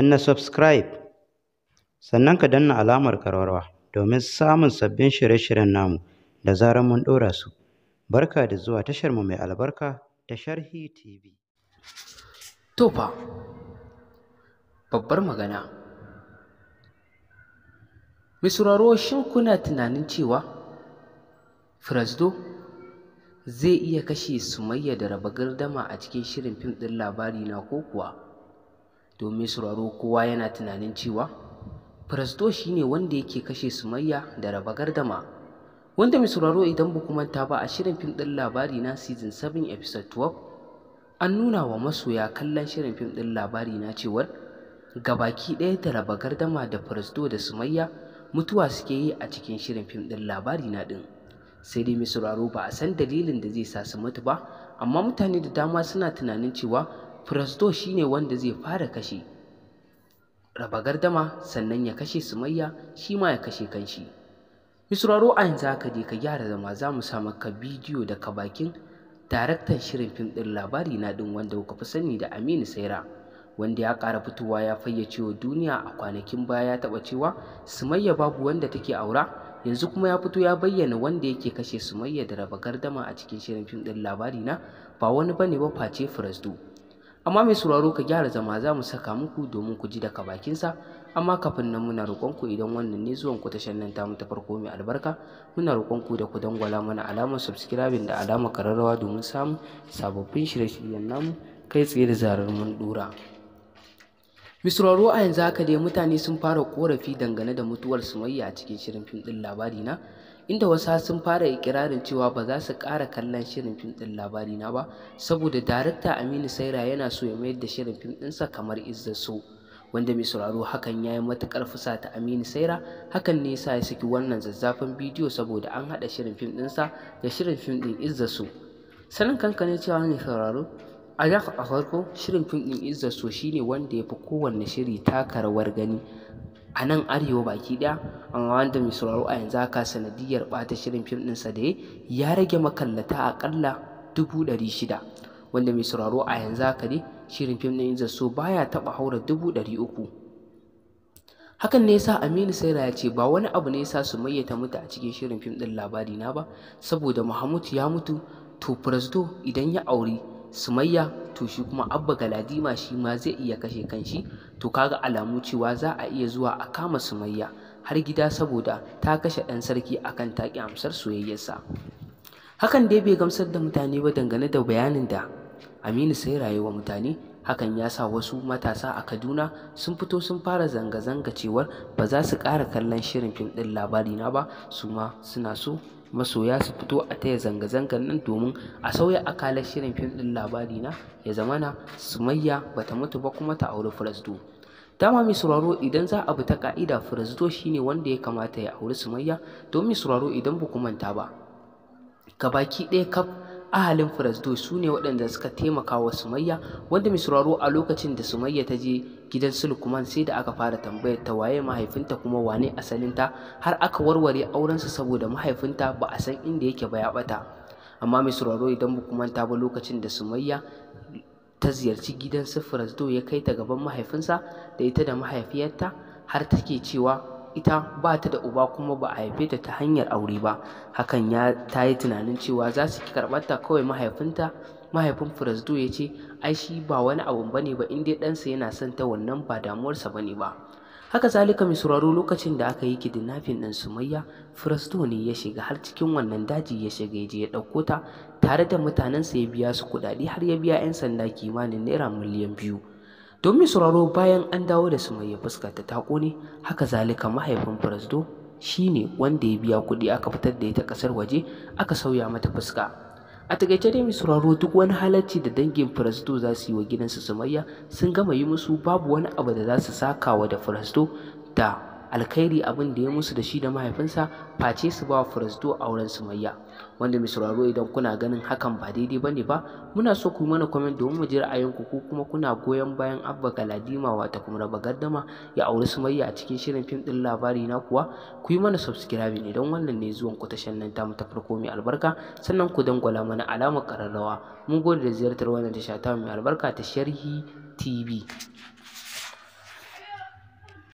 na subscribe sannan ka danna alamar karwarwa domin samun sabbin shirye-shiryen namu da zarar mun ɗora su barka da zuwa tashar mu mai albarka ta sharhi tv tofa babbar magana mai shin kuna tunanin cewa firasdo zai iya kashe sumayya da raba gardama a cikin shirin fim ɗin labari na ko kuwa domin sauraro kowa yana tunanin cewa firasto shine wanda yake kashe sumayya da raba gardama wanda mai sauraro idan ba manta ba a shirin fim ɗin labari na season 7 episode 12 an nuna wa masoya kallon shirin fim ɗin labari na cewar ga baki ɗaya da raba gardama da firasto da sumayya mutuwa suke yi a cikin shirin fim ɗin labari na ɗin sai dai mai sauraro ba a san dalilin da zai sa su mutu ba amma mutane da dama suna tunanin cewa Firasto shi ne wanda zai fara kashe raba gardama sannan ya kashe sumayya shi ma ya kashe kanshi misraro a yanzu haka dai ka gyara zama za mu sa maka bidiyo daga bakin daraktan shirin fim ɗin labari na ɗin wanda kuka fi sani da aminu saira wanda ya ƙara fitowa ya fayyace wa duniya a kwanakin baya ya taɓa cewa sumayya babu wanda take aura yanzu kuma ya fito ya bayyana wanda yake kashe sumayya da raba gardama a cikin shirin fim ɗin labari na ba wani bane ba face firasdo amma mai sauraro ka gyara zama za mu saka muku domin ku ji daga bakinsa amma kafin nan muna roƙonku idan wannan ne zuwan ku tashar nan tamu ta farko mai albarka muna roƙonku da ku dangwala mana alamar subscribing da alamar kararrawa domin samun sababbin shirye-shiryen namu kai tsaye da zarar mun dora misrarro a yanzu haka dai mutane sun fara korafi dangane da mutuwar sumayya a cikin shirin fim ɗin labari na inda wasu sun fara ikirarin cewa ba za su ƙara kallon shirin fim ɗin labari na ba saboda darakta Aminu Saira yana so ya mayar da shirin fim ɗinsa kamar izzaso so wanda mai sauraro hakan ya yi matuƙar ta Aminu Saira hakan ne sa ya saki wannan zazzafan bidiyo saboda an haɗa shirin fim ɗinsa da shirin fim ɗin Izza so sanin kanka ne cewa ne sauraro a a farko shirin fim ɗin izar so shine wanda ya fi kowanne shiri taka rawar gani a nan arewa baki ɗaya amma wanda mai sauraro a yanzu haka sanadiyar ɓata shirin fim ɗinsa da ya rage makallata a ƙalla dubu ɗari shida wanda mai sauraro a yanzu haka ne shirin fim ɗin zaso so baya taɓa haura dubu ɗari uku hakan ne yasa Aminu Saira ya ce ba wani abu ne yasa su mayyata mutu a cikin shirin fim ɗin labari na ba saboda Muhammadu ya mutu to presdo idan ya aure sumayya to shi kuma abba galadima shi ma zai iya kashe kanshi to kaga alamu cewa za a iya zuwa a kama sumayya har gida saboda ta kashe ɗan sarki akan taki amsar soyayyarsa hakan dai bai gamsar da mutane ba dangane da bayanin da aminu sai rayuwa mutane hakan ya sa wasu matasa a kaduna sun fito sun fara zanga-zanga cewar ba za su ƙara kallon shirin fim ɗin labari na ba su ma suna so masoya su fito a taya zanga-zangar nan domin a sauya akalar shirin fim ɗin labari na ya zamana sumayya bata mutu ba kuma ta auri firasdo dama mai sauraro idan za a bi ta ka'ida firasdo shine wanda ya kamata ya auri sumayya don mai sauraro idan ba ku manta ba Ka baki ɗaya kaf ahalin firasdo su ne waɗanda suka taimaka wa sumayya wanda mai sauraro a lokacin da sumayya ta je gidan sulkuman sai da aka fara tambayar ta waye mahaifinta kuma wane asalinta har aka warware aurensu saboda mahaifinta ba a san inda yake ba ya bata amma mai sauraro idan ba manta ba lokacin da sumayya ta ziyarci gidan su firasdo ya kai ta gaban mahaifinsa da ita da mahaifiyarta har take cewa ita ba ta da uba kuma ba a haife ta ta hanyar aure ba hakan ya ta yi tunanin cewa za su ki karɓarta kawai mahaifinta mahaifin firasdo ya ce ai shi ba wani abu ba ne ba in dai ɗansa yana son ta wannan ba damuwarsa ba ne ba haka zalika mai sauraro lokacin da aka yi kidnapping ɗin sumayya firasdo ne ya shiga har cikin wannan daji ya shiga ya je ya ɗauko ta tare da mutanensa ya biya su kuɗaɗe har ya biya 'yan sanda kimanin naira miliyan biyu don sauraro bayan an dawo da su sumayya fuska ta tako ne haka zalika mahaifin shi ne wanda ya biya kuɗi aka fitar da ita ƙasar waje aka sauya mata fuska a takaice dai mai sauraro duk wani halarci da dangin firasto za su yi wa gidansu sumayya sun gama yi musu babu wani abu da za su sakawa da firasto da alkhairi abin da ya musu da shi da mahaifinsa face su ba a wurin sumayya wanda mai sauraro idan kuna ganin hakan ba daidai ba ne ba muna so ku mana comment domin mu ji ra'ayinku ko kuma kuna goyon bayan abba galadima wata kuma raba gardama ya auri sumayya a cikin shirin fim din labari na kuwa ku yi mana subscribe don wannan ne zuwan ku tashan nan tamu ta farko mai albarka sannan ku dangwala mana alamar kararrawa mun gode da ziyartar wannan tasha ta mai albarka ta sharhi tv